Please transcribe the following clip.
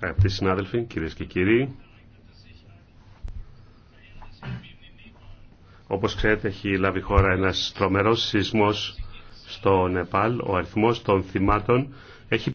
Αγαπητοί συνάδελφοι, κυρίε και κύριοι, όπω ξέρετε έχει λάβει χώρα ένα τρομερό σεισμό στο Νεπάλ. Ο αριθμό των θυμάτων έχει